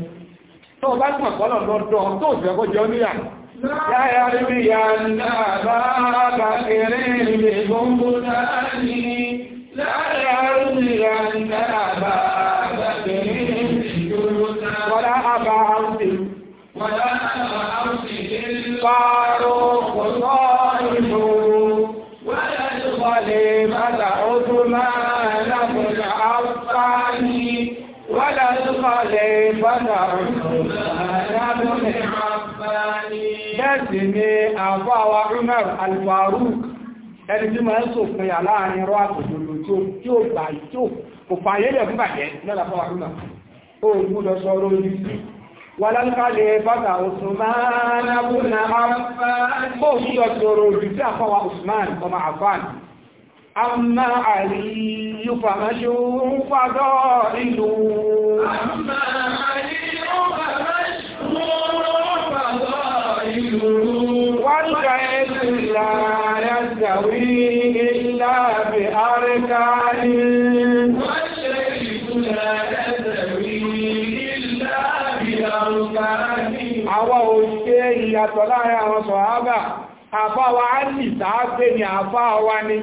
tó bá mọ̀ pọ́lọ̀ lọ́dọ̀ tó ò لا أن باب بكر ببهتان لا يرمين باب بكر ببهتان ولا أبا عبد ولا أبا عبد فاروق صالح ولا الخليفة عثمان من عطاني ولا الخليفة عثمان من عطاني bẹ́ẹ̀sì ni àfáwà Umar al-Faruq ẹni tí ma ń sòfin àláàrin rọ́ àtòdòdò tí ó gbà tí ó kò fàyé lẹ̀ fún bàjẹ́ lọ́la fáwà Umar ó gbúdọ̀ sọ́rọ̀ orí sí wàlánkálẹ̀ bàtà Usman Amma Ali yóò fàmẹ́ṣù ń fàdọ́ ìlú. Amma àrí àwọn sọ̀hábà àfá wa á ni àfá ni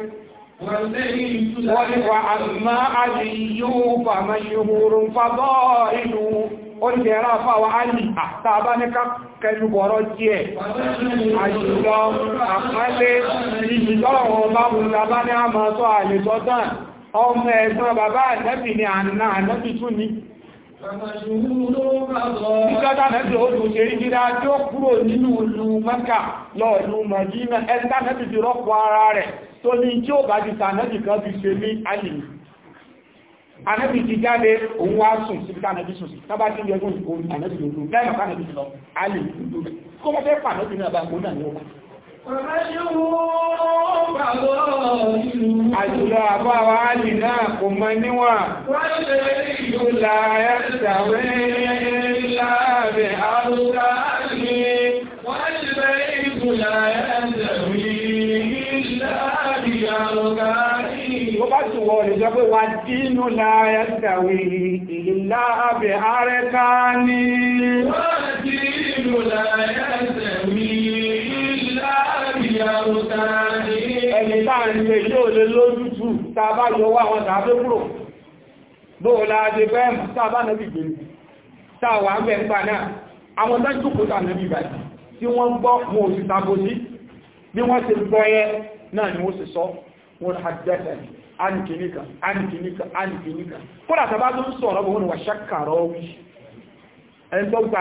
wọ́n ni wà àmà àti yóò fàmà yòhùrùn fàbọ́ ìlú oúnjẹ ẹ̀rọ àfá wa àtàbá ní kẹlùbọ̀rọ̀ díẹ̀ àjùlọ àpẹẹlẹ ìjìlọ́rọ̀ ọba Ìjọba mẹ́bí ó lù ṣe ìjírá tí ó kúrò nínú ìlú Mẹ́kà lọ ìlú Màdínà ẹ̀ta mẹ́bí ti rọ́pò ara rẹ̀ tó ní tí ó bá ti ta mẹ́bí kan fi ṣe ní àlè. Anẹ́bí ti jáde òun wá sùn sí ká mẹ́bí sùn sí, tábá ti yẹgún ìkòrò Àjùlọ àbá wa alì náà kò mọ níwà. Ìjọlá ẹ̀sàwé láàrẹ̀ àrúgbà ní wọ́n ti bẹ́ ìjọlá ẹ̀sàwé láàrẹ̀ àrúgbà ní. Ó bá ti wọ lè jọ pé wà dínú láàrẹ̀ ẹ̀sàwé láàrẹ̀ àrẹ́ká ní. ìwé yóò lè lójútù tàbá yọwọ́ àwọn tàbí kúrò bóò láàájẹ́ bẹ́ẹ̀mù tàbá nẹ́bì gbèrè tàwà ń bẹ̀ ń gbà náà àwọn dájúkòtà nẹ́bì báyìí tí wọ́n gbọ́ mọ́ òsì tàbó sí bí wọ́n ti gbọ́ yẹ náà ni wọ́n sì sọ wọ́n hajjẹ́fẹ́ ánìkìníkà ánìkìníkà ánìkìníkà kódà tàbá tó ń sọ̀rọ̀ bọ̀ wọ́n wà ṣàkàrọ̀ wí ẹni tó gbà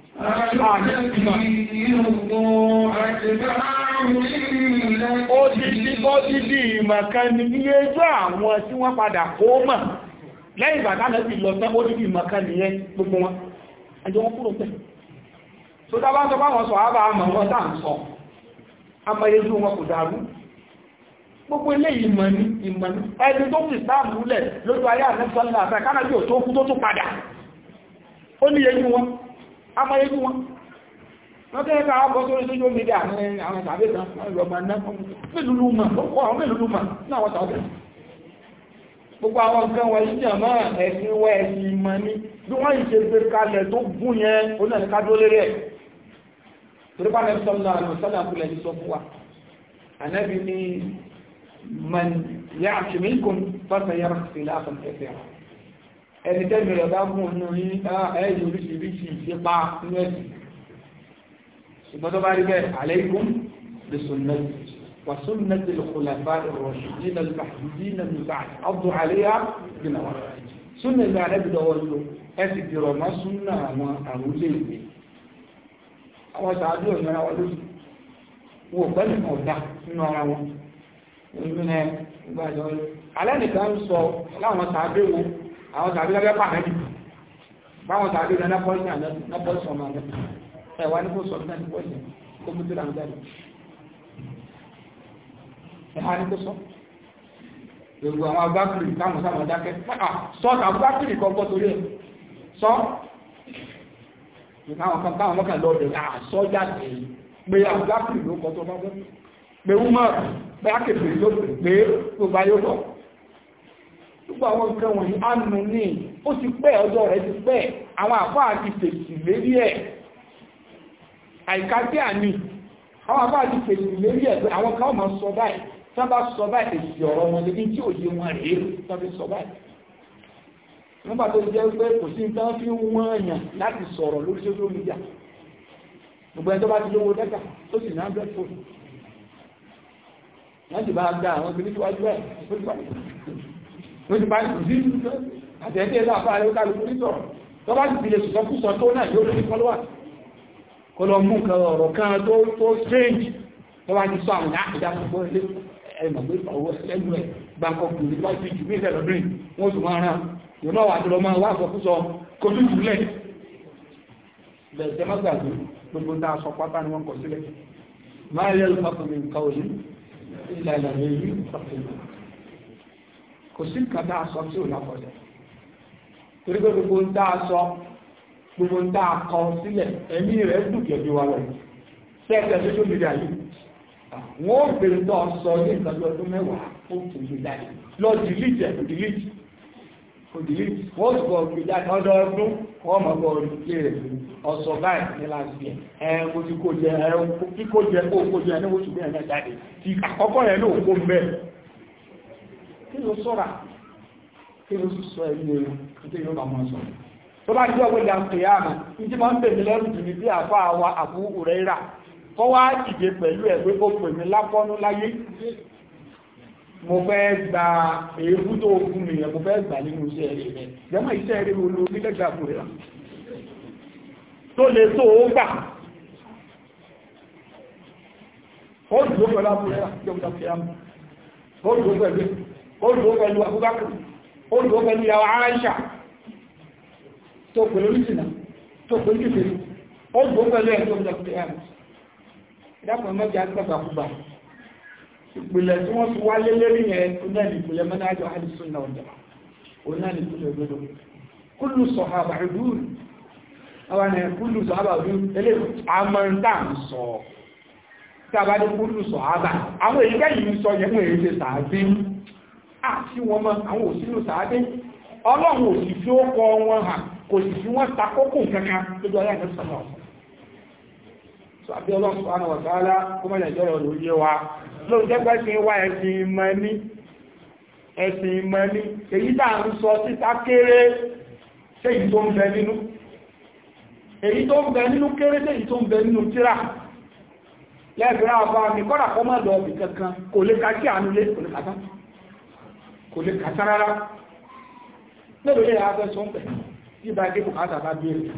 Ó ti sí bọ́ sí bí ìmọ̀kan ni ní ẹjọ́ àwọn tí wọ́n padà kó mọ̀. Lẹ́yìn ìgbàtà náà ti lọ tán ó ti bí ìmọ̀kan ni yẹn gbogbo wọn. Ẹjọ́ wọn kúrò pẹ̀. So tá bá ń sọ bá wọn sọ àbá àmà wọn tàà ń sọ. A mọ̀ ẹjú wọn kò dàrú. Gbogbo ilé ìmọ̀ ni ìmọ̀ ni. Ẹni tó fi sáàmù lẹ̀ lójú ayé àmẹ́sọ́lá àtàkánà bí ò tó kú tó tún padà. Ó ní ẹjú wọn amáyédú wọn wọ́n tẹ́lẹ̀ ká bọ́ sórí sójú omi dà ní àwọn tàbí kan lọ máa ná fún mélòó mà lọ́pọ̀ àwọn mélòó mà ní àwọn tàbí gbogbo àwọn nǹkan wọ̀nyí ní àmọ́ ẹ̀sìn wọ ẹ̀sìn ìmọ̀ ni bí wọ́n yìí ṣe gbé kalẹ̀ tó gún yẹn onílẹ̀ ká dúró lérí ẹ̀ torí bá nẹ́bí sọ́lá àlọ́ sọ́lá àkúlẹ̀ yìí sọ fún wa ànẹ́bí ni man yá àṣìmí kún fásayára sí láàfin kẹfẹ́ rẹ̀ ẹni tẹ́lẹ̀ rẹ̀ bá gùn nù ní ẹ̀yìn oríṣiríṣi ìṣẹ́pá nínú ẹ̀sìn ṣùgbọ́n tó bá rí bẹ́ẹ̀ alaykum bi sunnati wa sunnati al-khulafa'i ar-rashidin al-mahdiyyin min ba'd addu 'alayha bin-nawajid súnà ìgbà rẹ̀ bìdọ̀ ọjọ́ ẹ sì dìrọ̀ ìgbàjọ́ alẹ́ sọ láwọn sàájú wọn àwọn tàbí lọ́gbẹ́ pàmẹ́lì báwọn tàbí lọ lápọ́lì àlẹ́pọ̀lì ọmọ àlẹ́pọ̀lì ẹ̀wà ní kò sọ ní pọ́lì kó mú tó láwọn jáde ẹ̀hà ní kò sọ gbogbo àwọn agbákùnrin káwọn sáwọn dákẹ́ sọ àgbákùnrin kọ́kọ́ torí ẹ̀ sọ káwọn kan káwọn mọ́kà lọ rẹ̀ àsọ ah, jáde pé agbákùnrin ló kọ́ tó bá bọ́ pé wúmọ̀ pé ákèfèrè ló gbogbo àwọn nǹkan wọ̀nyí ánù ní ó ti pẹ́ ọjọ́ rẹ̀ ti pẹ́ àwọn àfáà ti fèsì lérí ẹ̀ àìkájí àní àwọn àfáà ti fèsì lérí ẹ̀ pé àwọn kan máa sọ báyìí tán bá sọ báyìí èsì ọ̀rọ̀ wọn lè ní tí òye wọn rèé tán fi sọ báyìí nígbà tó jẹ́ pé kò sí tán fi wọ́n èèyàn láti sọ̀rọ̀ lórí social media gbogbo ẹni tó bá ti lówó dẹ́ta tó sì ní hundred phone wọ́n ti bá gba àwọn obìnrin tó wájú ẹ̀ ló ti parí kù sí àtẹ̀tẹ̀ ẹ̀dá àfáà rẹ̀ kálukú nítọ̀ tó bá ti fi lè sọ̀kúsọ tó náà yóò lórí fọ́lọ́wà kó lọ mú nǹkan ọ̀rọ̀ kan tó tó strange tó bá ti sọ àwọn àìdá gbogbo ilé ẹ̀mọ̀gbé ọwọ́ ẹlẹ́nu ẹ̀ gbàǹkọ̀ kù ní wájú ìjù bí ìfẹ́ lọ́dún wọ́n sì kò sí nǹkan tá a sọ tí ò láfọ̀dẹ̀ torí pé gbogbo ń tá a sọ gbogbo ń tá a kọ sílẹ̀ ẹ̀mí rẹ̀ dùn jẹ̀bi wa lọ sẹ́ẹ̀sẹ̀ social media yìí wọ́n ó bèrè tó sọ ní nǹkan bí ọdún mẹ́wàá ó tún gbé jáde lọ dìlítì ẹ̀kọ́ dìlítì kò dìlítì wọ́n ó tún gbé jáde ọdọọdún wọ́n mọ̀ bọ́ orílẹ̀ rẹ̀ ọ̀sọ̀ báyìí ní láti ẹ̀ kò tí kò jẹ ẹ̀ kíkó jẹ kó kó jẹ ní oṣù mẹ́rin jáde ti àkọ́kọ́ yẹn ló kó mẹ́rin kí ló sọ́ra kí ló sì sọ ẹ̀mí ewu tó yóò bá máa sọ tó bá jẹ́ ọgbẹ́dà kìyàmù ìdí máa ń pè mí lẹ́rù jù ní bí àfá àwa àbú rẹ̀ rà kọ́ wá ìdè pẹ̀lú ẹ̀gbẹ́ ó pè mí lápọ́nú láyé mo fẹ́ gba èébú tó fún mi yẹn mo fẹ́ gbà nínú iṣẹ́ rẹ̀ rẹ̀ jẹ́mọ̀ iṣẹ́ rẹ̀ mo lo nílẹ̀gbà fún rẹ̀ tó lè tó ó gbà ó dùn ó pẹ̀lú àbúrẹ́ rà jọ́gbà kìyàmù ó dùn ó pẹ̀lú ó lò pẹ̀lú Abubakar ó lò pẹ̀lú ìyàwó Aisha tó pẹ̀lú ìsìnà tó pẹ̀lú ìfèrè ó lò pẹ̀lú ẹ̀ tó pẹ̀lú ìyàwó ìdápọ̀ mẹ́jọ àgbàgbàkúgbà ìpìlẹ̀ tí wọ́n fi wá lé lérí yẹn náà ní ìpìlẹ̀ mẹ́nájọ àdìsùn náà ọ̀dà òun náà ní ìpìlẹ̀ òdodo kúlù sọ̀hábà ìdúrù àwọn ẹ̀ kúlù sọ̀hábà ìdúrù elé amọ̀ntà ń sọ tí a bá ní kúlù sọ̀hábà àwọn èyíkẹ́ yìí sọ yẹn mú èyí ṣe sàábí àti wọn mọ àwọn òsínú sàádé ọlọ́run ò sì fi ó kọ wọn hàn kò sì fi wọ́n takókò kankan lójú ayé àti sọ̀rọ̀ so àbí ọlọ́run sọ àwọn ọ̀gáálá kó mọ̀ lẹ́jọ́ rẹ̀ ló yé wa lóun jẹ́gbẹ́ sí wá ẹ̀sìn ìmọ̀ ní ẹ̀sìn ìmọ̀ ní èyí tá à ń sọ síta kéré ṣé èyí tó ń bẹ nínú èyí tó ń bẹ nínú kéré ṣé èyí tó ń bẹ nínú tíra lẹ́gbẹ̀rẹ́ àbá mi kọ́dà kọ́ mọ̀ lọ ibì kankan kò lè ka kí àánú lé kò lè kàtán kò lè kàtà rárá lẹ́lò lè yàá fẹ́ sọ ń pẹ̀ tí bá dé bùkátà bá bí rẹ̀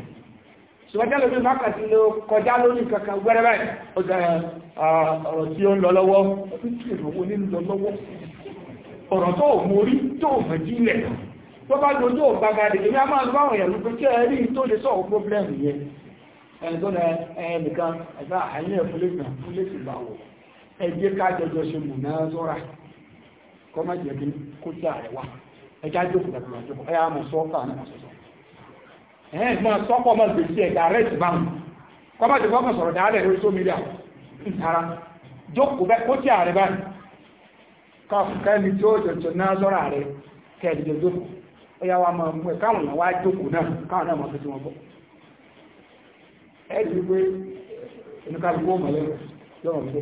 ṣùgbọ́n lórí mákàtí ló kọjá lórí kankan wẹ́rẹ́wẹ́ ọ̀rọ̀ tí ó ń lọ lọ́wọ́ ọ̀rọ̀ tó mórí tó fẹ̀jí ilẹ̀ tó bá lójú ọ̀gbàgàdì èmi a máa gbáwọn ìyàwó pé kí ẹ̀rí tó lè sọ̀rọ̀ problem yẹn ẹ̀ẹ́dọ́nà ẹ̀ẹ́nìkan ẹ̀dá àyẹ́ fúlẹ́sì báwọ̀ ẹ̀jẹ́ ká jọjọ ṣe mù náà sọ́ra kọ́mọ̀ jẹ́ kí kó sí ààrẹ ẹjá jókòó dàbí àjókòó ẹyà mọ̀ sọ́ọ́kà náà ma sọ́kọ̀ mọ̀ gbèsè ẹ̀dà rẹ̀ ti bá mu kọ́mọ̀ jẹ́ kọ́mọ̀ sọ̀rọ̀ dáálẹ̀ lórí sómi ìtara kó báyìí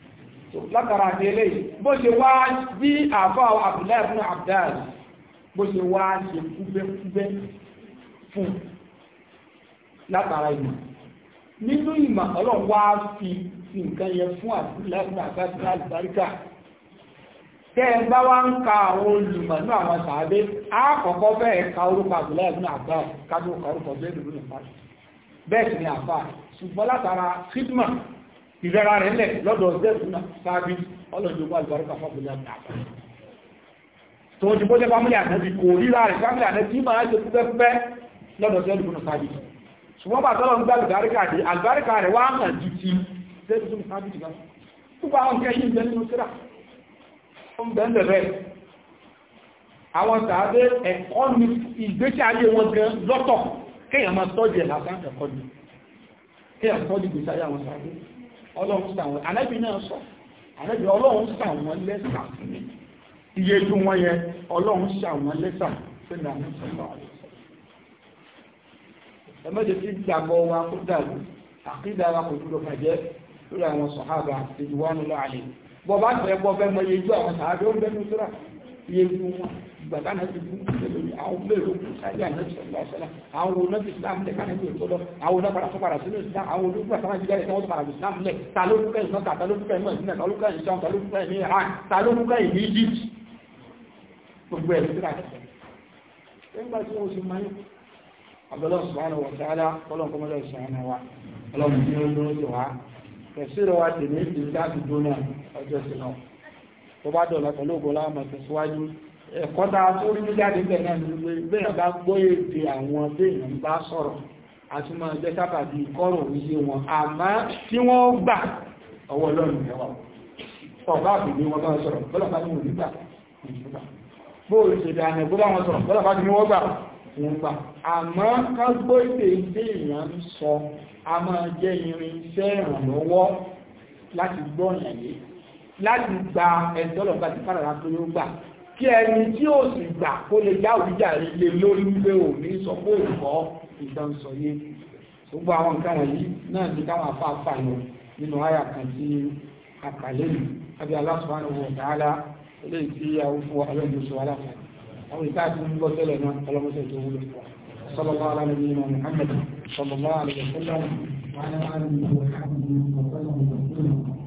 látara àti eléyìí bó ṣe wá bí àfá Abdullahi ibn Abbas bó ṣe wá ṣe kúbẹ́kúbẹ́ fún látara ìmọ̀ nínú ìmọ̀ ọlọ́run wá fi nǹkan yẹn fún Abdullahi ibn Abbas àlùbáríkà tẹ́ ẹ bá wá ń ka àwọn olùmọ̀ ní àwọn sàábé àkọ́kọ́ bẹ́ẹ̀ ka orúkọ Abdullahi ibn Abbas kájú orúkọ bẹ́ẹ̀ ni ìpàdé bẹ́ẹ̀ sì ni àfà ṣùgbọ́n látara khidma ìrẹ́ra rẹ̀ lẹ̀ lọ́dọ̀ zẹ́fún sáàbí ọlọ́dọ̀gbọ́ àlùbáríkà fábùlá àgbà tó ti bó jẹ́ fámílì àtẹ́bí kò ríra rẹ̀ fámílì àtẹ́bí máa jẹ́ púpẹ́púpẹ́ lọ́dọ̀ zẹ́fún sáàbí ṣùgbọ́n bá tọ́lọ́ ń gbá àlùbáríkà dé àlùbáríkà rẹ̀ wá hàn jù ti zẹ́fún sáàbí jù lọ púpọ̀ àwọn kẹ́ yí ìjẹ́ nínú síra ó ń bẹ́ẹ̀ bẹ́ẹ̀ àwọn tàbí ẹ̀kọ́ ni ìgbésí ayé wọn gan lọ́tọ̀ kéèyàn ọlọ́run sàn wọn ànábì náà sọ ànábì ọlọ́run sàn wọn lẹ́sà iye tó wọ́n yẹ ọlọ́run sàn wọn lẹ́sà sínú àwọn sọ́nà ẹ mẹ́jọ tí gbàgbọ́ wa kó dàlú àkídà wa kò dúró bàjẹ́ lórí àwọn sọ̀hábà ìdíwọ́nù láàrin bọ́ bá tẹ̀ bọ́ fẹ́ mọ iye ju àwọn sàádé ó ń bẹ́nu síra iye bí wọn gbàgbá náà ti bú lórí àwọn mélòó kù sáyé àná ìṣẹ̀lẹ̀ ìṣẹ̀lẹ̀ àwọn onáfi islam lẹ̀ káná ìwé tó lọ àwọn onáfara tó padà sínú islam àwọn olóògbé àtàwọn ìjìyà rẹ̀ tó padà islam lẹ̀ ta ló dúkẹ́ ìsọ́ ta ló dúkẹ́ ìmọ̀ ìsìnlẹ̀ ta ló dúkẹ́ ìṣọ́ ta ló dúkẹ́ ìní iran ta ló dúkẹ́ ìní egypt gbogbo ẹ̀rí síra ẹ̀sẹ̀ nígbà tí wọ́n ti máa abẹ́lọ́ sùmánà wọ̀ sáádá ọlọ́nkọmọdé sùmánà wa ọlọ́nkọmọdé sùmánà wa kẹsìrọ̀ wa tèmi ìdí láti dúnà ọjọ́ sí náà tó bá dọ̀lá pẹ̀lú ògbó láàmà tẹ̀síwájú ẹ̀kọ́ tá a tó rí ní jáde bẹ̀ náà ní pé bẹ́ẹ̀ bá gbọ́ èdè àwọn béèyàn ń bá sọ̀rọ̀ àti máa jẹ́ sábàbí kọ́rọ̀ òye wọn àmọ́ tí wọ́n gbà ọwọ́ ọlọ́run ẹ̀wà ọ̀bá àbìlé wọn bá sọ̀rọ̀ bọ́lá bá ní wọn nígbà bóòlù ṣèdè àmì bọ́lá wọn sọ̀rọ̀ bọ́lá bá ní wọ́n gbà wọ́n láti gbọ́ ìyàlẹ́ láti gba ẹ̀dọ́lọ̀ bá ti kádàrá tó yóò gbà kí ẹni tí ó sì gbà kó lè já òwújà lè lórí wípé ò ní sọ pé òkọ́ ìdánsọyé gbogbo àwọn nǹkan wọ̀nyí náà ní káwọn afáfà lọ nínú àyà kan tí àkàlẹ́ yìí àbí Allah subhanahu wa ta'ala eléyìí tí àwọn fún wa alẹ́ ìjọsọ aláfà àwọn ìta àti ń gbọ́ tẹ́lẹ̀ náà ọlọ́mọṣẹ́ tó wúlò fún wa sallallahu ala nabiyyina Muhammad sallallahu alaihi wa sallam wa ala alihi wa sahbihi wa sallam